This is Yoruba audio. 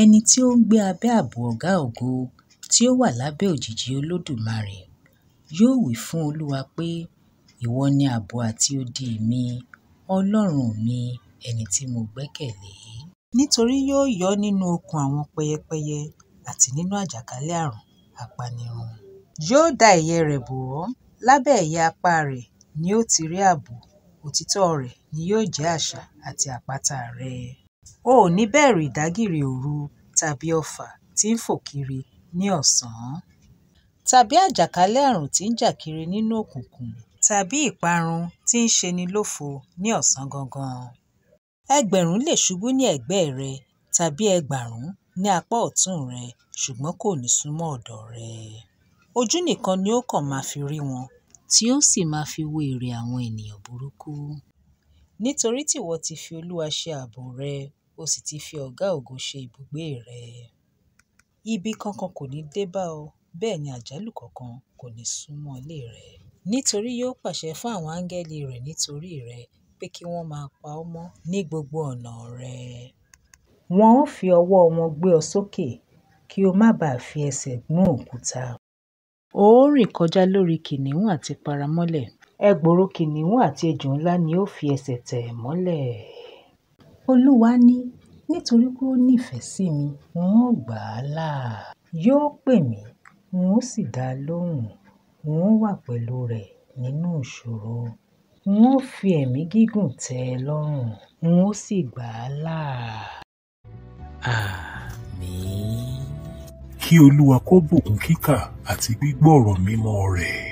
ẹni tí ó ń gbé abẹ́ ààbò Ọ̀gá Ògo tí ó wà lábẹ́ òjìji Olódùmarè, yóò wí fún Olúwa pé, “Ìwọ ni ààbò àti odi mi, Ọlọ́run mi, ẹni tí mo gbẹ́kẹ̀lé.” Nítorí yóò yọ́ nínú okùn àwọn pẹyẹpẹyẹ àti nínú àjàkálẹ̀-ààrùn apanirun. Yóò da ìyẹ́ rẹ̀ bò ọ́, lábẹ́ ìyẹ́ apá rẹ̀ ni ó ti rí ààbò; òtítọ́ rẹ̀ ni yóò jẹ́ àṣà àti àpáta rẹ. O ò ní bẹ̀rù ìdágìrì òru tàbí ọfà tí ń fò kiri ní ọ̀sán, tàbí àjàkálẹ̀-ààrùn tí ń jà kiri nínú òkùnkùn tàbí ìparun tí ń ṣeni lófo ní ọ̀sán gangan. Ẹgbẹ̀rún lè ṣubú ní ẹ̀gbẹ́ rẹ tàbí ẹgbàárùn ní apá ọ̀tún rẹ ṣùgbọ́n kò ní súnmọ́ ọ̀dọ̀ rẹ. Ojú nìkan ni o kàn máa fi rí wọn tí o sì máa fi wo èrè àwọn ènìyàn burúkú nítorí tìwọ ti fi olúwa ṣe ààbò rẹ o sì ti fi ọ̀gá ògo ṣe ibùgbé rẹ ibi kankan kò ní dé bá ọ bẹ́ẹ̀ ni àjálù kankan kò ní súnmọ́ ilé rẹ nítorí yóò pàṣẹ fún àwọn áńgẹ́lì rẹ̀ nítorí rẹ pé kí wọ́n máa pa ọ́ mọ́ ní gbogbo ọ̀nà rẹ wọn ó fi ọwọ́ wọn gbé ọ sókè kí o má bàa fi ẹsẹ̀ gún òkúta ó kọjá lórí kìnnìún àti paramọ́lẹ̀ ẹgbòrò kìnnìún àti ejò ńlá ni ó fi ẹsẹ̀ tẹ̀ mọ́lẹ̀ olúwa ní nítorí pé ó nífẹ̀ẹ́ sí mi n ó gbà á là yóò pè mí n ó sì dá a lóhùn n ó wà pẹ̀lú rẹ̀ nínú ìṣòro n ó fi ẹ̀mí gígùn tẹ́ ẹ lọ́rùn n ó sì gbà á là. àmín. kí olúwa kó bùkún kíkà àti gbígbọ́ ọ̀rọ̀ mímọ́ rẹ̀.